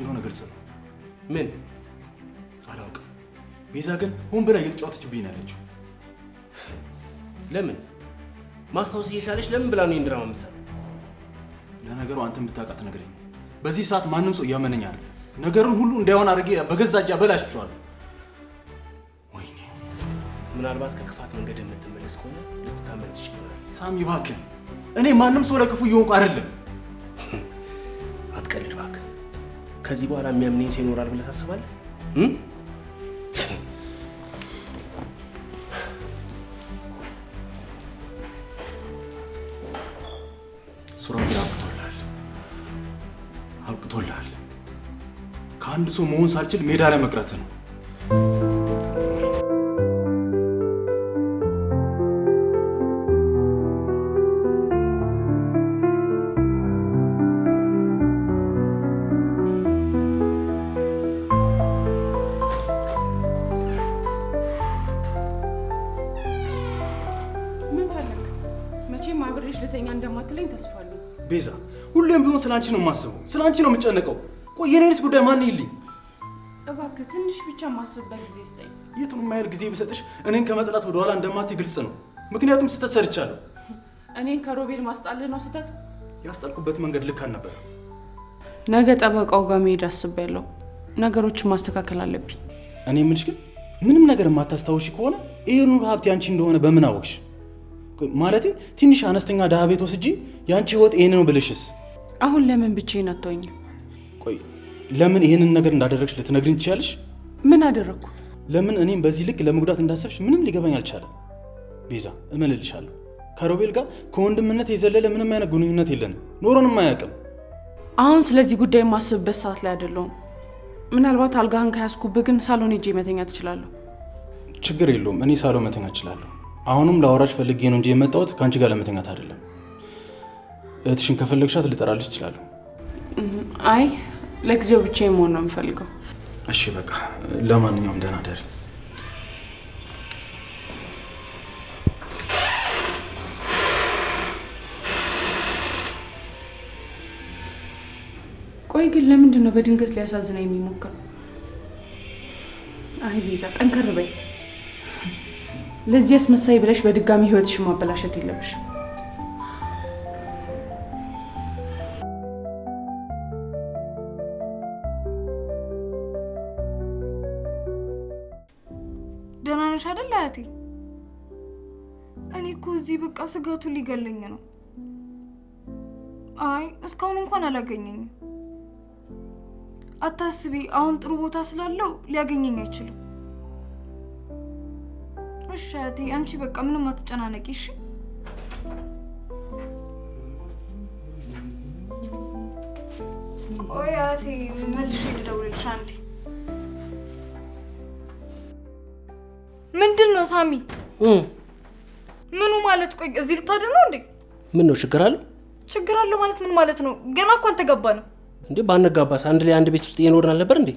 እንደሆነ ግልጽ ነው። ምን አላውቅም። ቤዛ ግን ሆን ብላ እየተጫወተችብኝ ነው ያለችው። ለምን ማስታወስ እየቻለች ለምን ብላ ነው ድራማ የምትሰራው? ለነገሩ አንተ የምታውቃት ነገረኝ። በዚህ ሰዓት ማንም ሰው እያመነኝ አይደል። ነገሩን ሁሉ እንዳይሆን አድርጌ በገዛ እጄ ወይኔ ምናልባት ከክፋት መንገድ የምትመለስ ከሆነ ልትታመን ትችላለህ። ሳሚ እባክህ፣ እኔ ማንም ሰው ለክፉ እየሆንኩ አይደለም። ከዚህ በኋላ የሚያምነኝ ሰው ይኖራል ብለህ ታስባለህ? ሱራፌል ከአንድ ሰው መሆን ሳልችል ሜዳ ላይ መቅረት ነው። ስለ አንቺ ነው የማስበው፣ ስለ አንቺ ነው የምጨነቀው። ቆይ የኔንስ ጉዳይ ማን ይልኝ? እባክህ ትንሽ ብቻ የማስብበት ጊዜ ስጠኝ። የቱን ያህል ጊዜ ብሰጥሽ እኔን ከመጥላት ወደኋላ እንደማት ግልጽ ነው። ምክንያቱም ስህተት ሰርቻለሁ። እኔን ከሮቤል ማስጣልህ ነው ስህተት። ያስጣልኩበት መንገድ ልክ አልነበረ። ነገ ጠበቃው ጋር መሄድ አስቤያለሁ። ነገሮችን ማስተካከል አለብኝ። እኔ የምልሽ ግን ምንም ነገር የማታስታውሽ ከሆነ ይህን ሁሉ ሀብት ያንቺ እንደሆነ በምን አወቅሽ? ማለት ትንሽ አነስተኛ ድሃ ቤት ወስጄ ያንቺ ህይወት ይሄን ነው ብልሽስ አሁን ለምን ብቻዬን አትሆኝም? ቆይ ለምን ይሄንን ነገር እንዳደረግሽ ልትነግሪኝ ትችያለሽ? ምን አደረግኩ? ለምን እኔም በዚህ ልክ ለመጉዳት እንዳሰብሽ ምንም ሊገባኝ አልቻለም። ቤዛ እመልልሻለሁ፣ ከሮቤል ጋር ከወንድምነት የዘለለ ምንም አይነት ግንኙነት የለንም፣ ኖሮንም አያውቅም። አሁን ስለዚህ ጉዳይ የማስብበት ሰዓት ላይ አይደለሁም። ምናልባት አልጋህን ከያዝኩብህ ግን ሳሎን ሄጄ መተኛ ትችላለሁ። ችግር የለውም፣ እኔ ሳሎን መተኛ እችላለሁ። አሁንም ላወራሽ ፈልጌ ነው እንጂ የመጣሁት ከአንቺ ጋር ለመተኛት አይደለም። እህትሽን ከፈለግሻት ልጠራልሽ እችላለሁ። አይ ለጊዜው ብቻ መሆን ነው የምፈልገው። እሺ በቃ ለማንኛውም ደህና ደሪ። ቆይ ግን ለምንድን ነው በድንገት ሊያሳዝና የሚሞክር? አይ ቤዛ ጠንከር በይ። ለዚህ አስመሳይ ብለሽ በድጋሚ ህይወትሽ ማበላሸት የለብሽም። ደህና ነሽ አይደል አያቴ? እኔ እኮ እዚህ በቃ ስጋቱ ሊገለኝ ነው። አይ እስካሁን እንኳን አላገኘኝም። አታስቢ፣ አሁን ጥሩ ቦታ ስላለው ሊያገኘኝ አይችልም። እሺ አያቴ፣ አንቺ በቃ ምንም አትጨናነቂ እሺ? ቆይ አያቴ፣ መልሼ ልደውልልሽ አንዴ ምንድን ነው ሳሚ? ምኑ ማለት ቆይ፣ እዚህ ልታድር ነው እንዴ? ምን ነው ችግር አለው? ችግር አለው ማለት ምን ማለት ነው? ገና እኮ አልተጋባንም እንዴ። ባንጋባስ አንድ ላይ አንድ ቤት ውስጥ እየኖርን አልነበር እንዴ?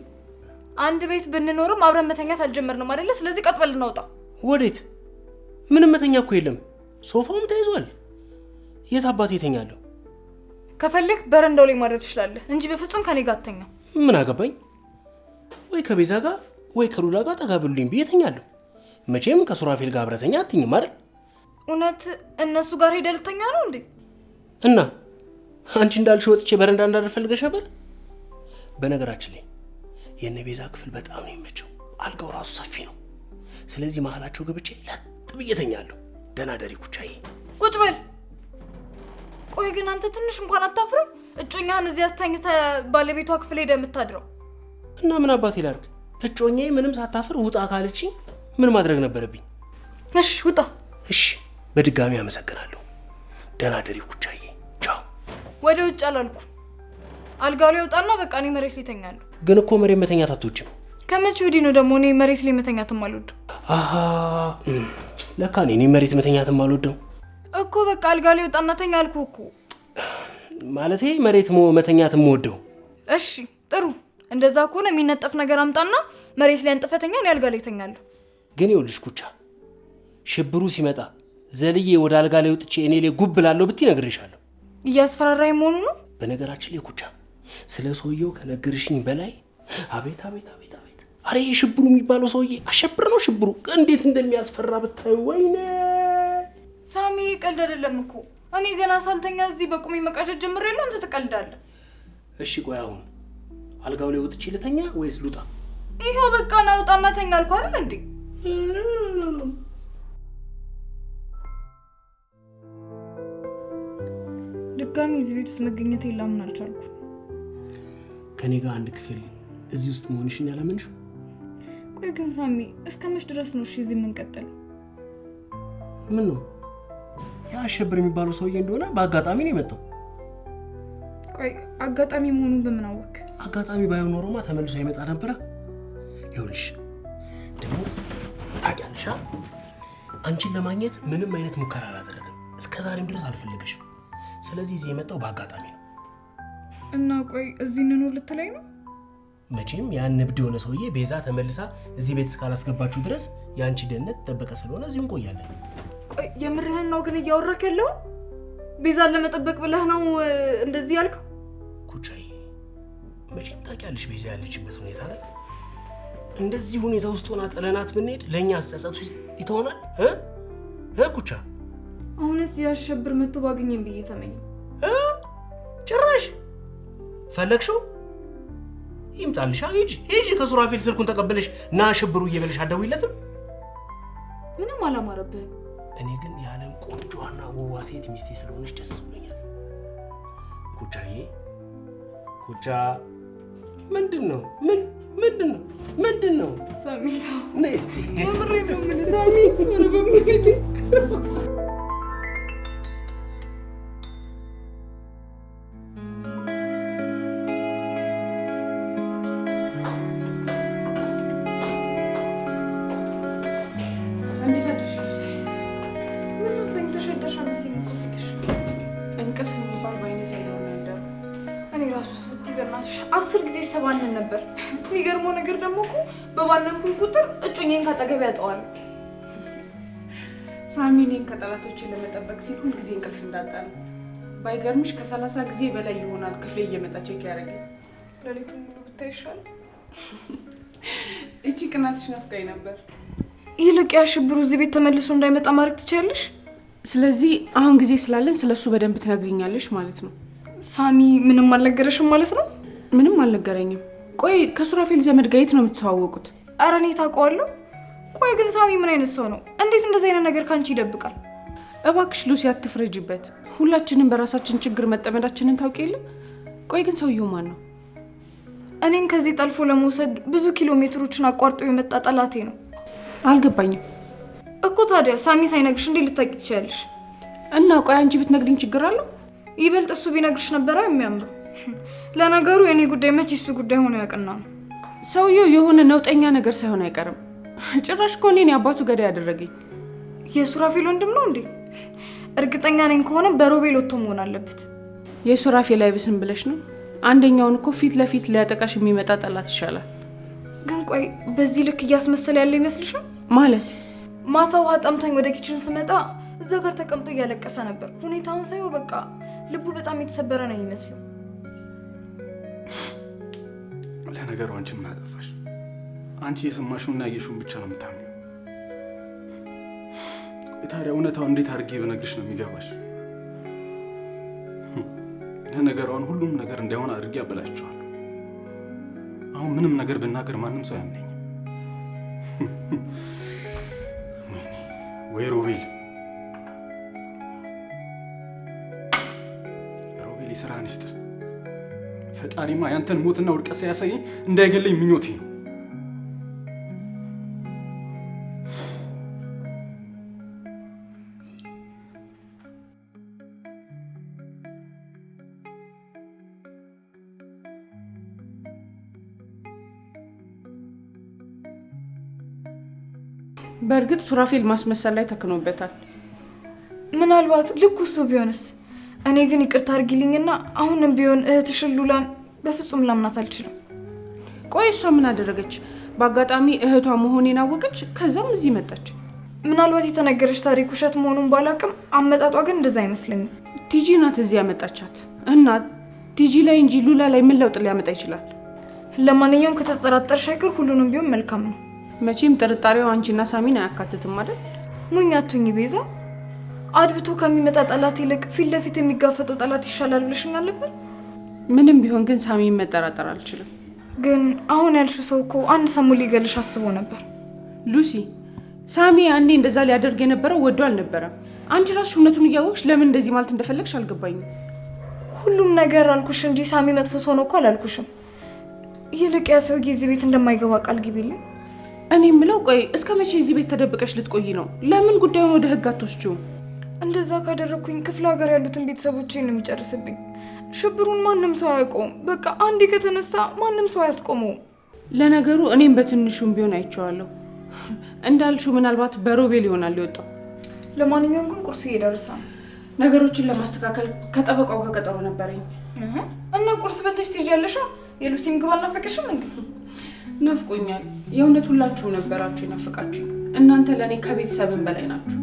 አንድ ቤት ብንኖርም አብረን መተኛት አልጀመርንም አይደለ? ስለዚህ ቀጥበል ልናውጣ። ወዴት? ምንም መተኛ እኮ የለም፣ ሶፋውም ተይዟል። የት አባት የተኛለሁ? ከፈለግ በረንዳው ላይ ማድረግ ትችላለህ እንጂ በፍጹም ከኔ ጋር አትተኛም። ምን አገባኝ? ወይ ከቤዛ ጋር ወይ ከሉላ ጋር ጠጋ ብሉልኝ ብዬ መቼም ከሱራፌል ጋር አብረተኛ አትኝም አይደል? እውነት እነሱ ጋር ሄደ ልተኛ ነው እንዴ? እና አንቺ እንዳልሽ ወጥቼ በረንዳ እንዳደር ፈልገሽ ነበር። በነገራችን ላይ የእነ ቤዛ ክፍል በጣም ነው የሚመቸው። አልጋው ራሱ ሰፊ ነው። ስለዚህ መሀላቸው ገብቼ ለጥ ብዬ እተኛለሁ። ደህና ደሪ ኩቻዬ። ቁጭ በል። ቆይ ግን አንተ ትንሽ እንኳን አታፍርም? እጮኛህን እዚህ አስተኝተህ ባለቤቷ ክፍል ሄደህ የምታድረው እና ምን አባቴ ላድርግ? እጮኛዬ ምንም ሳታፍር ውጣ ካለችኝ ምን ማድረግ ነበረብኝ? እሺ ውጣ። እሺ በድጋሚ አመሰግናለሁ። ደህና ደሪ ኩቻዬ። ቻው። ወደ ውጭ አላልኩ። አልጋ ላይ ወጣና በቃ እኔ መሬት ላይ ተኛለሁ። ግን እኮ መሬት መተኛት አትወጪም። ከመቼ ወዲህ ነው ደግሞ እኔ መሬት ላይ መተኛትም አልወደው? አሀ ለካ እኔ መሬት መተኛትም አልወደው እኮ በቃ አልጋ ላይ ወጣና ተኛ አልኩ እኮ። ማለቴ መሬት መተኛት የምወደው። እሺ ጥሩ። እንደዛ ከሆነ የሚነጠፍ ነገር አምጣና መሬት ላይ አንጥፈተኛ፣ እኔ አልጋ ላይ ተኛለሁ። ግን ይኸውልሽ ኩቻ፣ ሽብሩ ሲመጣ ዘልዬ ወደ አልጋ ላይ ወጥቼ እኔ ላይ ጉብ ላለሁ ብትይ እነግርሻለሁ። እያስፈራራኝ መሆኑ ነው። በነገራችን ላይ ኩቻ፣ ስለ ሰውየው ከነገርሽኝ በላይ አቤት አቤት አቤት አቤት! አረ ይሄ ሽብሩ የሚባለው ሰውዬ አሸብር ነው። ሽብሩ እንዴት እንደሚያስፈራ ብታዩ። ወይኔ ሳሚ፣ ቀልድ አይደለም እኮ እኔ ገና ሳልተኛ እዚህ በቁሜ መቃዠት ጀምሬያለሁ። አንተ ትቀልዳለህ። እሺ ቆይ አሁን አልጋው ላይ ወጥቼ ልተኛ ወይስ ልውጣ? ይኸው በቃ ና ተኛ አልኩህ አይደል እንዴ ድጋሚ እዚህ ቤት ውስጥ መገኘት የላምን አልቻልኩ። ከኔ ጋር አንድ ክፍል እዚህ ውስጥ መሆንሽን ያላመንሽው? ቆይ ግን ሳሚ እስከ መች ድረስ ነው እሺ እዚህ የምንቀጥል? ምን ነው የአሸብር አሸብር የሚባለው ሰውዬ እንደሆነ በአጋጣሚ ነው የመጣው። ቆይ አጋጣሚ መሆኑን በምን አወቅ? አጋጣሚ ባይሆን ኖሮማ ተመልሶ አይመጣ ነበረ። ይኸውልሽ ደግሞ ታውቂያለሽ፣ አንቺን ለማግኘት ምንም አይነት ሙከራ አላደረግም። እስከ ዛሬም ድረስ አልፈለገሽም። ስለዚህ እዚህ የመጣው በአጋጣሚ ነው። እና ቆይ እዚህ እንኖር ልትለኝ ነው? መቼም ያን እብድ የሆነ ሰውዬ ቤዛ ተመልሳ እዚህ ቤት እስካላስገባችሁ ድረስ የአንቺ ደህንነት ጠበቀ ስለሆነ እዚሁ እንቆያለን። ቆይ የምርህን ነው ግን እያወራክ ያለው? ቤዛን ለመጠበቅ ብለህ ነው እንደዚህ ያልከው? ኩቻዬ፣ መቼም ታውቂያለሽ ቤዛ ያለችበት ሁኔታ ላይ እንደዚህ ሁኔታ ውስጥ ሆና ጥለናት ብንሄድ ለእኛ አጸጸቱ ይተውናል። እ ኩቻ አሁንስ ያሸብር መቶ ባገኘን ብዬ ተመኘ። ጭራሽ ፈለግሽው ይምጣልሻ። ሂጂ ሂጂ፣ ከሱራፌል ስልኩን ተቀበለሽ ና ሽብሩ እየበለሽ አደውይለትም። ምንም አላማረብህም። እኔ ግን የዓለም ቆንጆዋና ውዋ ሴት ሚስቴ ስለሆነች ደስ ብሎኛል። ኩቻዬ ኩቻ፣ ምንድን ነው ምን ምንድን ነው ምንድን ነው ሳሚ? ሳሚ? ኧረ ባለንኩኝ ቁጥር እጩኝን ከጠገብ ያጠዋል። ሳሚ እኔን ከጠላቶቼ ለመጠበቅ ሲል ሁልጊዜ እንቅልፍ እንዳጣ ነው። ባይገርምሽ ከሰላሳ ጊዜ በላይ ይሆናል ክፍሌ እየመጣ ቼክ ያደረገኝ። ሌሊቱን ሙሉ ብታይሻል። እቺ ቅናትሽ ናፍቃኝ ነበር። ይልቅ ያ ሽብሩ እዚህ ቤት ተመልሶ እንዳይመጣ ማድረግ ትችያለሽ። ስለዚህ አሁን ጊዜ ስላለን ስለ እሱ በደንብ ትነግርኛለሽ ማለት ነው። ሳሚ ምንም አልነገረሽም ማለት ነው? ምንም አልነገረኝም። ቆይ ከሱራፌል ዘመድ ጋር የት ነው የምትተዋወቁት? ኧረ እኔ ታውቀዋለሁ። ቆይ ግን ሳሚ ምን አይነት ሰው ነው? እንዴት እንደዚህ አይነት ነገር ከአንቺ ይደብቃል? እባክሽ ሉሲ አትፍረጅበት። ሁላችንም በራሳችን ችግር መጠመዳችንን ታውቂ የለ። ቆይ ግን ሰውየው ማን ነው? እኔን ከዚህ ጠልፎ ለመውሰድ ብዙ ኪሎ ሜትሮችን አቋርጦ የመጣ ጠላቴ ነው። አልገባኝም እኮ ታዲያ ሳሚ ሳይነግርሽ እንዴት ልታቂ ትችያለሽ? እና ቆይ አንቺ ብትነግሪኝ ችግር አለው? ይበልጥ እሱ ቢነግርሽ ነበረ የሚያምረው። ለነገሩ የእኔ ጉዳይ መቼ እሱ ጉዳይ ሆኖ ያቅና ነው ሰውየው የሆነ ነውጠኛ ነገር ሳይሆን አይቀርም። ጭራሽ እኮ እኔን የአባቱ ገዳይ ያደረገኝ የሱራፌል ወንድም ነው እንዴ? እርግጠኛ ነኝ ከሆነ በሮቤል ወጥቶ መሆን አለበት። የሱራፌል አይብስም ብለሽ ነው? አንደኛውን እኮ ፊት ለፊት ሊያጠቃሽ የሚመጣ ጠላት ይሻላል። ግን ቆይ በዚህ ልክ እያስመሰለ ያለ ይመስልሻል? ማለት ማታ ውሃ ጠምታኝ ወደ ኪችን ስመጣ እዛ ጋር ተቀምጦ እያለቀሰ ነበር። ሁኔታውን ሳይሆን በቃ ልቡ በጣም የተሰበረ ነው የሚመስለው። ለነገሩ አንቺ ምን አጠፋሽ? አንቺ የሰማሽውና ያየሽውን ብቻ ነው የምታምኚው። ታዲያ እውነታውን እንዴት አድርጌ ብነግርሽ ነው የሚገባሽ? ለነገሯን ሁሉም ነገር እንዳይሆን አድርጌ አበላችኋለሁ። አሁን ምንም ነገር ብናገር ማንም ሰው ያምነኝ ወይ? ሮቤል ሮቤል፣ የስራህን ይስጥህ። ፈጣሪማ ያንተን ሞትና ውድቀት ሳያሳየኝ እንዳይገለኝ ምኞቴ ነው። በእርግጥ ሱራፌል ማስመሰል ላይ ተክኖበታል። ምናልባት ልኩ እሱ ቢሆንስ እኔ ግን ይቅርታ አድርጊልኝና አሁንም ቢሆን እህትሽን ሉላን በፍጹም ላምናት አልችልም። ቆይ እሷ ምን አደረገች? በአጋጣሚ እህቷ መሆኔን አወቀች፣ ከዛም እዚህ መጣች። ምናልባት የተነገረች ታሪክ ውሸት መሆኑን ባላቅም፣ አመጣጧ ግን እንደዛ አይመስለኝም። ቲጂ ናት እዚህ ያመጣቻት እና ቲጂ ላይ እንጂ ሉላ ላይ ምን ለውጥ ሊያመጣ ይችላል? ለማንኛውም ከተጠራጠርሽ አይቀር ሁሉንም ቢሆን መልካም ነው። መቼም ጥርጣሬው አንቺና ሳሚን አያካትትም አይደል? ሞኝ ቤዛ። አድብቶ ከሚመጣ ጠላት ይልቅ ፊት ለፊት የሚጋፈጠው ጠላት ይሻላል ብለሽኝ አለብን። ምንም ቢሆን ግን ሳሚን መጠራጠር አልችልም። ግን አሁን ያልሽው ሰው እኮ አንድ ሰሙ ሊገልሽ አስቦ ነበር ሉሲ። ሳሚ ያኔ እንደዛ ሊያደርግ የነበረው ወዶ አልነበረም። አንቺ ራስሽ እውነቱን እያወቅሽ ለምን እንደዚህ ማለት እንደፈለግሽ አልገባኝም። ሁሉም ነገር አልኩሽ እንጂ ሳሚ መጥፎ ሰው ነው እኮ አላልኩሽም። ይልቅ ያ ሰው እዚህ ቤት እንደማይገባ ቃል ግቢልኝ። እኔ የምለው ቆይ እስከ መቼ እዚህ ቤት ተደብቀሽ ልትቆይ ነው? ለምን ጉዳዩን ወደ ህግ አትወስጂውም? እንደዛ ካደረግኩኝ ክፍለ ሀገር ያሉትን ቤተሰቦቼን ነው የሚጨርስብኝ። ሽብሩን ማንም ሰው አያውቀውም። በቃ አንዴ ከተነሳ ማንም ሰው አያስቆመውም። ለነገሩ እኔም በትንሹም ቢሆን አይቼዋለሁ። እንዳልሹ ምናልባት በሮቤል ይሆናል ሊወጣው። ለማንኛውም ግን ቁርስ እየደረሰ ነገሮችን ለማስተካከል ከጠበቃው ከቀጠሮ ነበረኝ እና ቁርስ በልተሽ ትሄጃለሽ። የሉሲ ምግብ አልናፈቀሽም እንዴ? ናፍቆኛል። የእውነት ሁላችሁ ነበራችሁ የናፈቃችሁ። እናንተ ለእኔ ከቤተሰብን በላይ ናችሁ።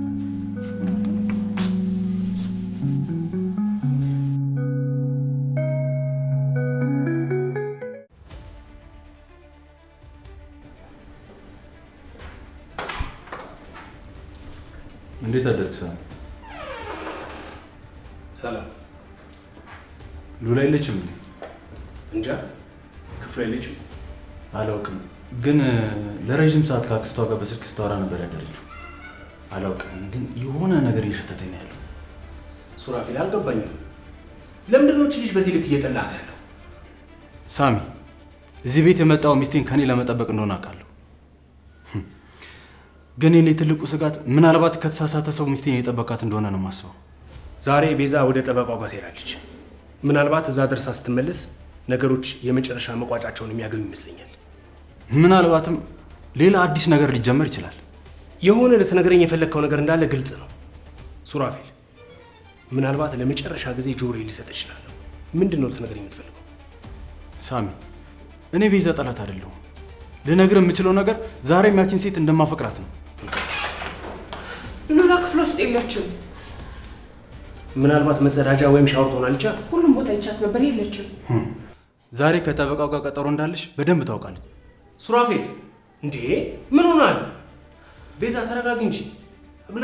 ሉላ የለችም እንዴ? እንጃ ክፍል የለችም አላውቅም። ግን ለረዥም ሰዓት ከአክስቷ ጋር በስልክ ስታወራ ነበር ያደረችው። አላውቅም፣ ግን የሆነ ነገር እየሸተተኝ ያለው ሱራፊል፣ አልገባኝም። ለምንድን ነው ልጅ በዚህ ልክ እየጠላት ያለው? ሳሚ፣ እዚህ ቤት የመጣው ሚስቴን ከኔ ለመጠበቅ እንደሆነ አውቃለሁ። ግን የኔ ትልቁ ስጋት ምናልባት ከተሳሳተ ሰው ሚስቴን የጠበቃት እንደሆነ ነው የማስበው። ዛሬ ቤዛ ወደ ጠበቋ ጋር ትሄዳለች። ምናልባት እዛ ደርሳ ስትመለስ ነገሮች የመጨረሻ መቋጫቸውን የሚያገኙ ይመስለኛል። ምናልባትም ሌላ አዲስ ነገር ሊጀመር ይችላል። የሆነ ልትነግረኝ የፈለግከው ነገር እንዳለ ግልጽ ነው ሱራፌል። ምናልባት ለመጨረሻ ጊዜ ጆሮ ሊሰጥ ይችላል። ምንድን ነው ልትነግረኝ የምትፈልገው? ሳሚ፣ እኔ ቤዛ ጠላት አይደለሁም። ልነግር የምችለው ነገር ዛሬም ያችን ሴት እንደማፈቅራት ነው። ሉላ ክፍል ውስጥ የለችም። ምናልባት መጸዳጃ ወይም ሻወር ትሆናለች። ሁሉም ቦታ ይቻት ነበር፣ የለችም። ዛሬ ከጠበቃው ጋር ቀጠሮ እንዳለሽ በደንብ ታውቃለች። ሱራፌል እንዴ ምን ሆናል? ቤዛ ተረጋግ እንጂ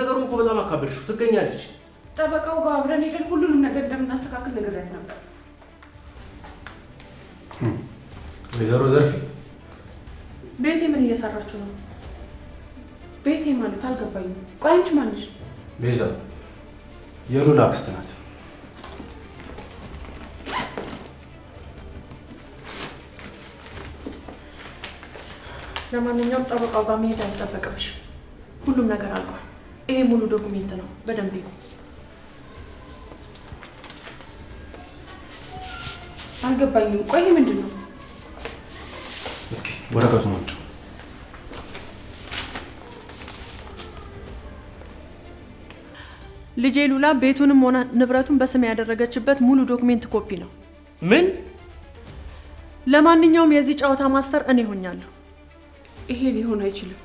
ነገሩ እኮ በጣም አካበድሽው። ትገኛለች ጠበቃው ጋር አብረን ሄደን ሁሉንም ነገር እንደምናስተካክል ነግሬያት ነበር። ወይዘሮ ዘርፌ ቤቴ ምን እየሰራችሁ ነው? ቤቴ ማለት አልገባኝም። ቆይ አንቺ ቤዛ የሉላ አክስት ናት። ለማንኛውም ጠበቃው ጋር መሄድ አይጠበቅብሽ። ሁሉም ነገር አልቋል። ይሄ ሙሉ ዶኩሜንት ነው። በደንብ ይሁ አልገባኝም። ቆይ ምንድን ነው? እስኪ ወረቀቱን ወጭ ልጄ ሉላ ቤቱንም ሆነ ንብረቱን በስም ያደረገችበት ሙሉ ዶክሜንት ኮፒ ነው። ምን? ለማንኛውም የዚህ ጨዋታ ማስተር እኔ ሆኛለሁ። ይሄ ሊሆን አይችልም።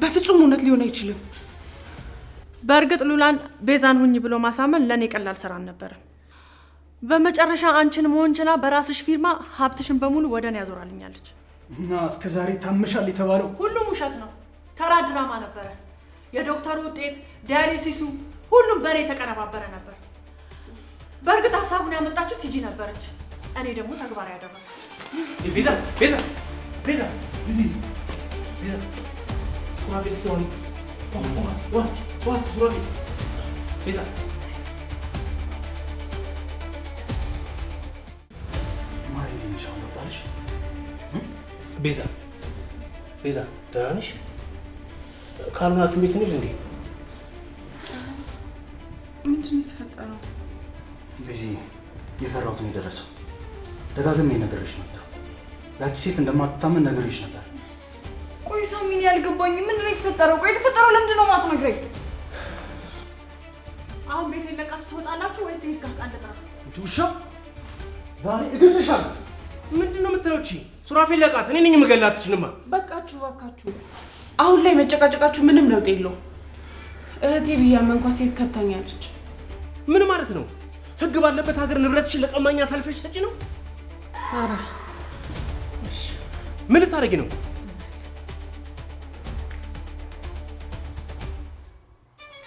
በፍጹም እውነት ሊሆን አይችልም። በእርግጥ ሉላን ቤዛን ሁኝ ብሎ ማሳመን ለእኔ ቀላል ስራ አልነበረም። በመጨረሻ አንቺን መሆን ችላ በራስሽ ፊርማ ሀብትሽን በሙሉ ወደ እኔ ያዞራልኛለች። እና እስከ ዛሬ ታመሻል የተባለው ሁሉም ውሸት ነው። ተራ ድራማ ነበረ። የዶክተሩ ውጤት ዳያሊሲሱ ሁሉም በእኔ የተቀነባበረ ነበር። በእርግጥ ሀሳቡን ያመጣችሁ ቲጂ ነበረች። እኔ ደግሞ ተግባር ያደረኩ ቤዛ ቤዛ ቤዛ ቤዛ ቤዛ ቤዛ ደህና ነሽ? ካልሆነ ሐኪም ቤት እንሂድ እንዴ? ምንድን የተፈጠረው? ቤዚ፣ የፈራሁት ነው የደረሰው። ደጋግሜ ነገርሽ ነበር፣ ያቺ ሴት እንደማትታመን ነገርሽ ነበር። ቆይ ሳሚ፣ እኔ ያልገባኝ ምንድን ነው የተፈጠረው? ቆይ የተፈጠረው ለምንድን ነው የማትነግረኝ? አሁን ቤት የለቃችሁ ትወጣላችሁ ወይስ ይሄድ ጋር ቃል ልጥራ? ውሻ፣ ዛሬ እገልሻለሁ። ምንድን ነው የምትለው? እቺ ሱራፌል ለቃት፣ እኔ ነኝ የምገላት። እችንማ በቃችሁ፣ እባካችሁ። አሁን ላይ መጨቃጨቃችሁ ምንም ለውጥ የለውም። እህቴ ብያመንኳ ሴት ከብታኛለች። ምን ማለት ነው? ህግ ባለበት ሀገር ንብረትሽን ለቀማኛ አሳልፈሽ ሰጪ ነው? ኧረ ምን ልታደርጊ ነው?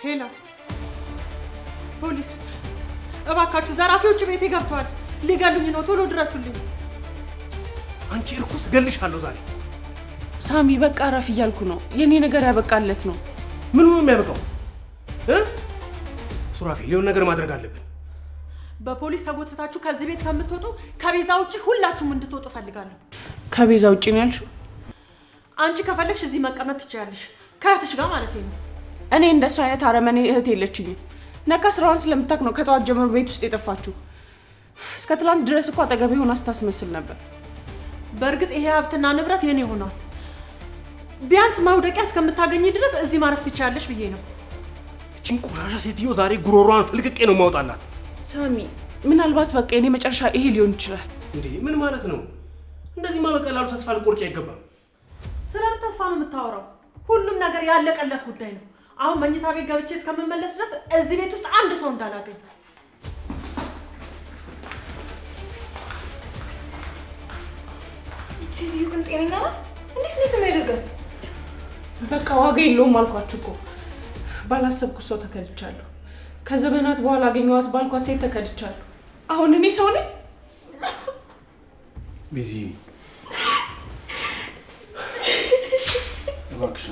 ሄላ፣ ፖሊስ እባካችሁ፣ ዘራፊዎቹ ቤቴ ገብተዋል። ሊገሉኝ ነው፣ ቶሎ ድረሱልኝ። አንቺ እርኩስ፣ እገልሻለሁ ዛሬ። ሳሚ፣ በቃ እረፍ እያልኩ ነው። የኔ ነገር ያበቃለት ነው። ምን ነው የሚያበቃው? ሱራፌል፣ የሆነ ነገር ማድረግ አለብን። በፖሊስ ተጎትታችሁ ከዚህ ቤት ከምትወጡ ከቤዛ ውጭ ሁላችሁም እንድትወጡ እፈልጋለሁ። ከቤዛ ውጭ ነው ያልሽው? አንቺ ከፈለግሽ እዚህ መቀመጥ ትችያለሽ፣ ከእህትሽ ጋር ማለት ነው። እኔ እንደሱ አይነት አረመኔ እህት የለችኝም። ነካ ስራዋን ስለምታውቅ ነው ከጠዋት ጀምሮ ቤት ውስጥ የጠፋችሁ። እስከ ትላንት ድረስ እኮ አጠገቤ ሆና ስታስመስል ነበር። በእርግጥ ይሄ ሀብትና ንብረት የኔ ሆኗል። ቢያንስ መውደቂያ እስከምታገኝ ድረስ እዚህ ማረፍ ትችያለሽ ብዬ ነው እችን ቆሻሻ ሴትዮ ዛሬ ጉሮሯን ፈልቅቄ ነው ማውጣላት። ሳሚ፣ ምናልባት በቃ የኔ መጨረሻ ይሄ ሊሆን ይችላል። እንዴ ምን ማለት ነው? እንደዚህማ በቀላሉ ተስፋ ልቆርጭ አይገባም። ስለምን ተስፋ ነው የምታወራው? ሁሉም ነገር ያለቀለት ጉዳይ ነው። አሁን መኝታ ቤት ገብቼ እስከምመለስ ድረስ እዚህ ቤት ውስጥ አንድ ሰው እንዳላገኝ ሴትዮ ግን ጤነኛ ናት? እንዴት ነው የሚያደርጋት? በቃ ዋጋ የለውም አልኳችሁ እኮ ባላሰብኩት ሰው ተከድቻለሁ። ከዘመናት በኋላ አገኘኋት ባልኳት ሴት ተከድቻለሁ። አሁን እኔ ሰው ነኝ? ቢዚ እባክሽ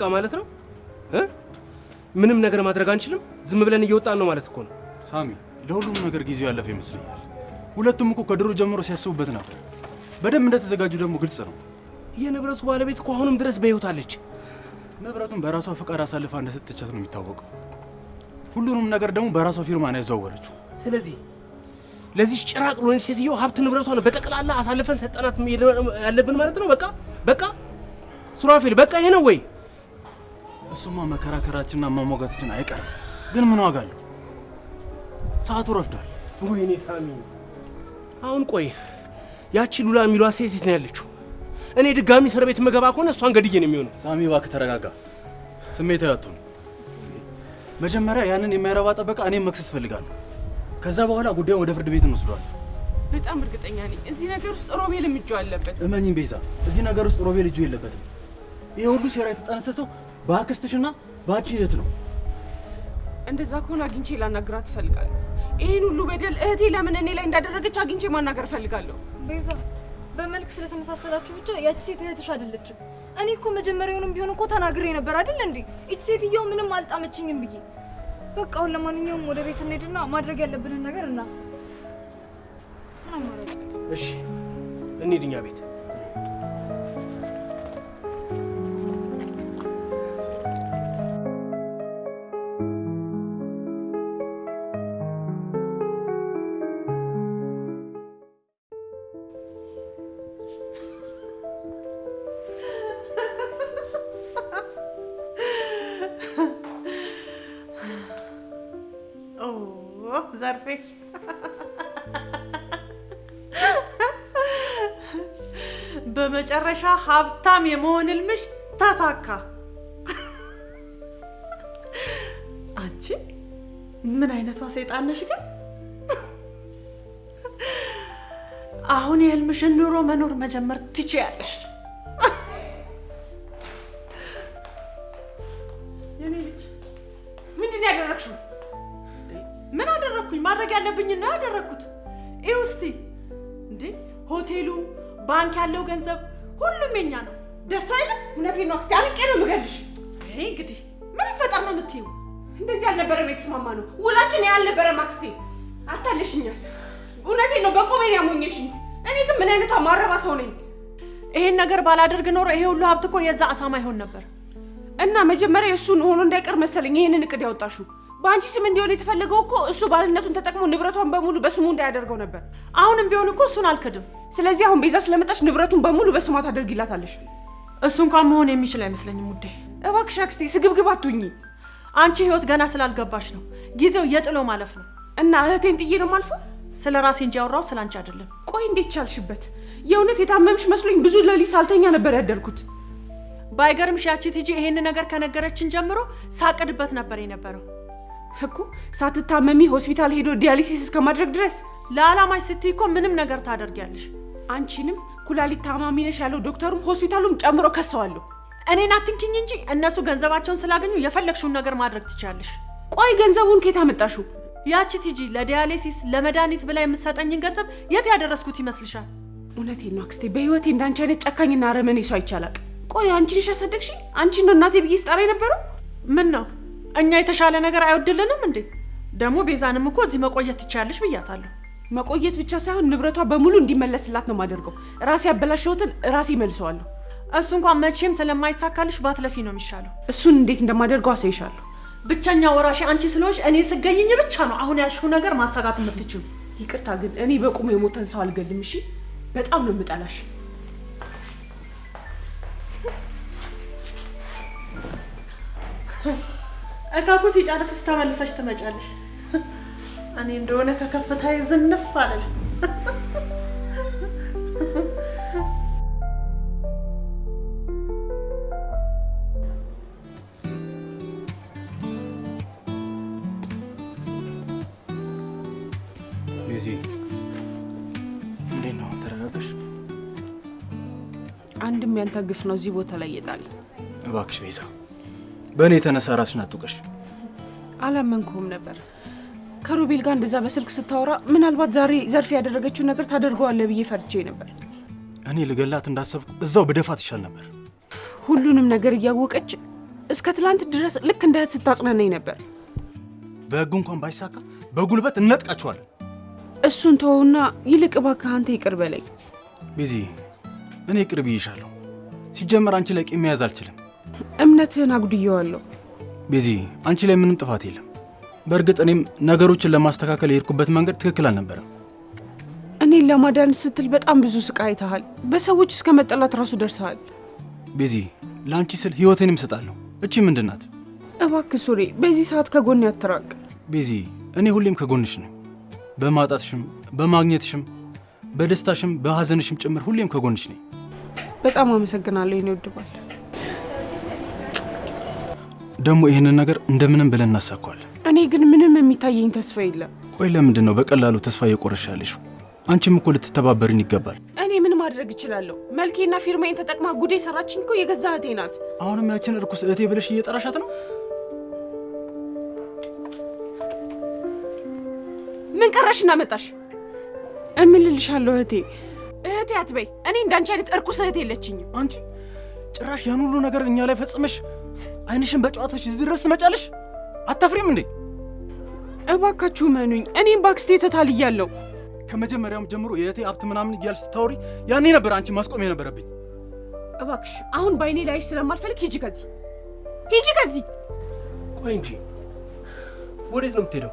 በቃ ማለት ነው። ምንም ነገር ማድረግ አንችልም። ዝም ብለን እየወጣን ነው ማለት እኮ ነው። ሳሚ፣ ለሁሉም ነገር ጊዜው ያለፈ ይመስለኛል። ሁለቱም እኮ ከድሮ ጀምሮ ሲያስቡበት ነበር። በደንብ እንደተዘጋጁ ደግሞ ግልጽ ነው። የንብረቱ ባለቤት እኮ አሁንም ድረስ በህይወት አለች። ንብረቱን በራሷ ፈቃድ አሳልፋ እንደሰጠቻት ነው የሚታወቀው። ሁሉንም ነገር ደግሞ በራሷ ፊርማ ነው ያዘዋወረችው። ስለዚህ ለዚህ ጭራቅ ሎኒ ሴትዮ ሀብት ንብረቷን በጠቅላላ አሳልፈን ሰጠናት ያለብን ማለት ነው። በቃ በቃ ሱራፌል፣ በቃ ይሄ ነው ወይ? እሱማ መከራከራችንና መሞገታችን አይቀርም። ግን ምን ዋጋ አለው? ሰዓቱ ረፍዷል። ወይኔ ሳሚ፣ አሁን ቆይ፣ ያቺ ሉላ የሚሏት ሴት የት ነው ያለችው? እኔ ድጋሚ እስር ቤት መገባ ከሆነ እሷን ገድዬ ነው የሚሆነው። ሳሚ እባክህ ተረጋጋ፣ ስሜት ያቱን። መጀመሪያ ያንን የማይረባ ጠበቃ እኔም መክሰስ እፈልጋለሁ። ከዛ በኋላ ጉዳዩን ወደ ፍርድ ቤት እንወስደዋል። በጣም እርግጠኛ ነኝ እዚህ ነገር ውስጥ ሮቤልም እጁ አለበት። እመኝም ቤዛ፣ እዚህ ነገር ውስጥ ሮቤል እጁ የለበትም። ይሄ ሁሉ ሴራ የተጠነሰሰው በአክስትሽና በአንቺ እህት ነው። እንደዛ ከሆነ አግኝቼ ላናግራት እፈልጋለሁ። ይህን ሁሉ በደል እህቴ ለምን እኔ ላይ እንዳደረገች አግኝቼ ማናገር እፈልጋለሁ። ቤዛ፣ በመልክ ስለተመሳሰላችሁ ብቻ ያቺ ሴት እህትሽ አይደለችም። እኔ እኮ መጀመሪያውንም ቢሆን እኮ ተናግሬ ነበር አይደል እንዴ? ይቺ ሴትየው ምንም አልጣመችኝም ብዬ። በቃ አሁን ለማንኛውም ወደ ቤት እንሄድና ማድረግ ያለብንን ነገር እናስብ። እሺ፣ እንሂድ እኛ ቤት መርፌ በመጨረሻ ሀብታም የመሆን ህልምሽ ተሳካ። አንቺ ምን አይነቷ ሰይጣን ነሽ ግን! አሁን የህልምሽን ኑሮ መኖር መጀመር ትችያለሽ። አላደረግኩኝ። ማድረግ ያለብኝ ነው ያደረግኩት ይህ ውስቲ እንዴ ሆቴሉ፣ ባንክ ያለው ገንዘብ ሁሉም የኛ ነው። ደስ አይልም? እውነቴን ነው አክስቴ፣ አንቄ ነው የምገልሽ። ይሄ እንግዲህ ምን ይፈጠር ነው የምትይው? እንደዚህ ያልነበረም የተስማማ ነው ውላችን። ያልነበረም አክስቴ፣ አታለሽኛል። እውነቴን ነው በቆሜን ያሞኘሽኝ። እኔ ግን ምን አይነቷ ማረባ ሰው ነኝ። ይሄን ነገር ባላደርግ ኖሮ ይሄ ሁሉ ሀብት እኮ የዛ አሳማ ይሆን ነበር። እና መጀመሪያ እሱን ሆኖ እንዳይቀር መሰለኝ ይህንን እቅድ ያወጣሹ በአንቺ ስም እንዲሆን የተፈለገው እኮ እሱ ባልነቱን ተጠቅሞ ንብረቷን በሙሉ በስሙ እንዳያደርገው ነበር። አሁንም ቢሆን እኮ እሱን አልክድም። ስለዚህ አሁን ቤዛ ስለመጣች ንብረቱን በሙሉ በስሟ ታደርጊላታለሽ። እሱ እንኳን መሆን የሚችል አይመስለኝም። ውዴ እባክሽ አክስቴ ስግብግብ አትሁኚ። አንቺ ህይወት ገና ስላልገባሽ ነው። ጊዜው የጥሎ ማለፍ ነው እና እህቴን ጥዬ ነው ማልፎ። ስለ ራሴ እንጂ ያወራው ስለ አንቺ አይደለም። ቆይ እንዴት ቻልሽበት? የእውነት የታመምሽ መስሎኝ ብዙ ሌሊት ሳልተኛ ነበር ያደርኩት። ባይገርምሽ ያቺ ትጂ ይሄን ነገር ከነገረችን ጀምሮ ሳቅድበት ነበር የነበረው እኮ ሳትታመሚ ሆስፒታል ሄዶ ዲያሊሲስ እስከማድረግ ድረስ ለዓላማሽ ስትይ እኮ ምንም ነገር ታደርጊያለሽ። አንቺንም ኩላሊት ታማሚ ነሽ ያለው ዶክተሩም ሆስፒታሉም ጨምሮ ከሰዋለሁ። እኔን አትንኪኝ እንጂ እነሱ ገንዘባቸውን ስላገኙ የፈለግሽውን ነገር ማድረግ ትችላለሽ። ቆይ ገንዘቡን ከየት አመጣሽው? ያቺ ቲጂ ለዲያሊሲስ ለመድኃኒት ብላ የምትሰጠኝን ገንዘብ የት ያደረስኩት ይመስልሻል? እውነቴን ነው አክስቴ፣ በህይወቴ እንዳንቺ አይነት ጨካኝና አረመኔ ሰው አይቻላቅ። ቆይ አንቺንሽ ነሽ አንቺ ነው እናቴ ብዬ ስጠራ የነበረው ምን ነው እኛ የተሻለ ነገር አይወድልንም እንዴ? ደግሞ ቤዛንም እኮ እዚህ መቆየት ትችያለሽ ብያታለሁ። መቆየት ብቻ ሳይሆን ንብረቷ በሙሉ እንዲመለስላት ነው የማደርገው። ራሴ ያበላሸሁትን ራሴ መልሰዋለሁ። እሱ እንኳን መቼም ስለማይሳካልሽ ባትለፊ ነው የሚሻለው። እሱን እንዴት እንደማደርገው አሳይሻለሁ። ብቸኛ ወራሽ አንቺ ስለሆንሽ እኔ ስገኝኝ ብቻ ነው አሁን ያልሽው ነገር ማሳጋት የምትችሉ። ይቅርታ ግን እኔ በቁም የሞተን ሰው አልገልም። እሺ፣ በጣም ነው የምጠላሽ። እካኩ ሲጨርስ ተመልሰሽ ትመጫለሽ። እኔ እንደሆነ ከከፍታ ዝንፍ አልልም። እንዴት ነው ተረጋጋሽ? አንድም ያንተ ግፍ ነው እዚህ ቦታ ላይ የጣለኝ። እባክሽ ቤዛ በእኔ የተነሳ ራስሽን አትውቀሽ። አላመንኩም ነበር ከሮቤል ጋር እንደዛ በስልክ ስታወራ ምናልባት ዛሬ ዘርፌ ያደረገችውን ነገር ታደርገዋለ ብዬ ፈርቼ ነበር። እኔ ልገላት እንዳሰብኩ እዛው ብደፋት ይሻል ነበር። ሁሉንም ነገር እያወቀች እስከ ትላንት ድረስ ልክ እንደ እህት ስታጽናናኝ ነበር። በህግ እንኳን ባይሳካ በጉልበት እንነጥቃችኋለን። እሱን ተውና ይልቅ እባክህ አንተ ይቅር በለኝ። ቢዚ እኔ ቅርብ ብዬሻለሁ። ሲጀመር አንቺ ለቂ መያዝ አልችልም። እምነትህን አጉድየዋለሁ። ቤዚ፣ አንቺ ላይ ምንም ጥፋት የለም። በእርግጥ እኔም ነገሮችን ለማስተካከል የሄድኩበት መንገድ ትክክል አልነበረም። እኔን ለማዳን ስትል በጣም ብዙ ስቃይ አይተሃል። በሰዎች እስከ መጠላት ራሱ ደርሰሃል። ቤዚ፣ ለአንቺ ስል ህይወቴንም እሰጣለሁ። እቺ ምንድን ናት? እባክህ ሱሬ፣ በዚህ ሰዓት ከጎን ያትራቅ። ቤዚ፣ እኔ ሁሌም ከጎንሽ ነኝ። በማጣትሽም፣ በማግኘትሽም፣ በደስታሽም፣ በሐዘንሽም ጭምር ሁሌም ከጎንሽ ነኝ። በጣም አመሰግናለሁ ይኔ ውድ ደግሞ ይህንን ነገር እንደምንም ብለን እናሳኳል። እኔ ግን ምንም የሚታየኝ ተስፋ የለም። ቆይ ለምንድን ነው በቀላሉ ተስፋ እየቆረሽ አንቺም እኮ ልትተባበርን ይገባል። እኔ ምን ማድረግ እችላለሁ? መልኬና ፊርማዬን ተጠቅማ ጉዴ የሰራችኝ እኮ የገዛ እህቴ ናት። አሁንም ያችን እርኩስ እህቴ ብለሽ እየጠራሻት ነው? ምን ቀረሽ እናመጣሽ እምልልሻለሁ። እህቴ እህቴ አትበይ። እኔ እንዳንቺ አይነት እርኩስ እህቴ የለችኝም። አንቺ ጭራሽ ያን ሁሉ ነገር እኛ ላይ ፈጽመሽ አይንሽን በጨዋታች እዚህ ድረስ ትመጫለሽ? አታፍሪም እንዴ? እባካችሁ መኑኝ፣ እኔም ባክስቴ ተታልያለሁ። ከመጀመሪያውም ጀምሮ የእቴ ሀብት ምናምን እያልሽ ስታወሪ ያኔ ነበር አንቺ ማስቆም የነበረብኝ። እባክሽ አሁን በአይኔ ላይሽ ስለማልፈልግ ሂጂ ከዚህ ሂጂ ከዚህ። ቆይ እንጂ ወዴት ነው የምትሄደው?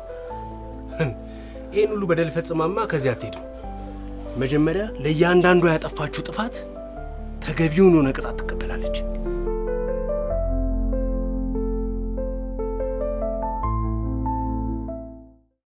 ይህን ሁሉ በደል ፈጽማማ ከዚህ አትሄድም። መጀመሪያ ለእያንዳንዷ ያጠፋችሁ ጥፋት ተገቢውን ሆነ ቅጣት ትቀበላለች።